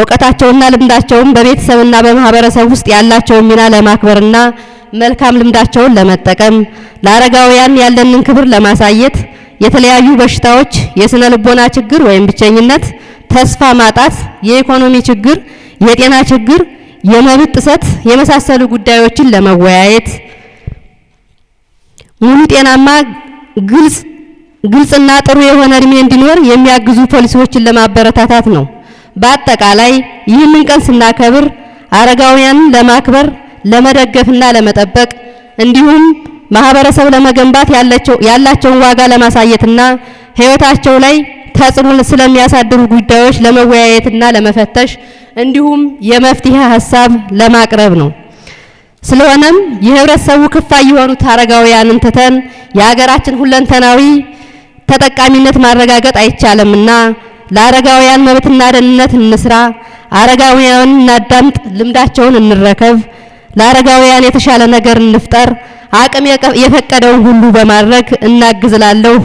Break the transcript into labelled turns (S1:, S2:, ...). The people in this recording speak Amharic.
S1: እውቀታቸውና ልምዳቸውም በቤተሰብና በማህበረሰብ ውስጥ ያላቸውን ሚና ለማክበርና መልካም ልምዳቸውን ለመጠቀም ለአረጋውያን ያለንን ክብር ለማሳየት የተለያዩ በሽታዎች፣ የስነ ልቦና ችግር ወይም ብቸኝነት፣ ተስፋ ማጣት፣ የኢኮኖሚ ችግር፣ የጤና ችግር፣ የመብት ጥሰት የመሳሰሉ ጉዳዮችን ለመወያየት ሙሉ ጤናማ ግልጽ ግልጽና ጥሩ የሆነ እድሜ እንዲኖር የሚያግዙ ፖሊሲዎችን ለማበረታታት ነው። በአጠቃላይ ይህንን ቀን ስናከብር አረጋውያንን ለማክበር ለመደገፍና ለመጠበቅ እንዲሁም ማህበረሰብ ለመገንባት ያላቸውን ዋጋ ለማሳየትና ህይወታቸው ላይ ተጽዕኖ ስለሚያሳድሩ ጉዳዮች ለመወያየትና ለመፈተሽ እንዲሁም የመፍትሄ ሀሳብ ለማቅረብ ነው። ስለሆነም የህብረተሰቡ ክፋይ የሆኑት አረጋውያንን ትተን የሀገራችን ሁለንተናዊ ተጠቃሚነት ማረጋገጥ አይቻልምና ለአረጋውያን መብትና ደህንነት እንስራ። አረጋውያን እናዳምጥ፣ ልምዳቸውን እንረከብ። ለአረጋውያን የተሻለ ነገር እንፍጠር። አቅም የፈቀደውን ሁሉ በማድረግ እናግዝላለሁ።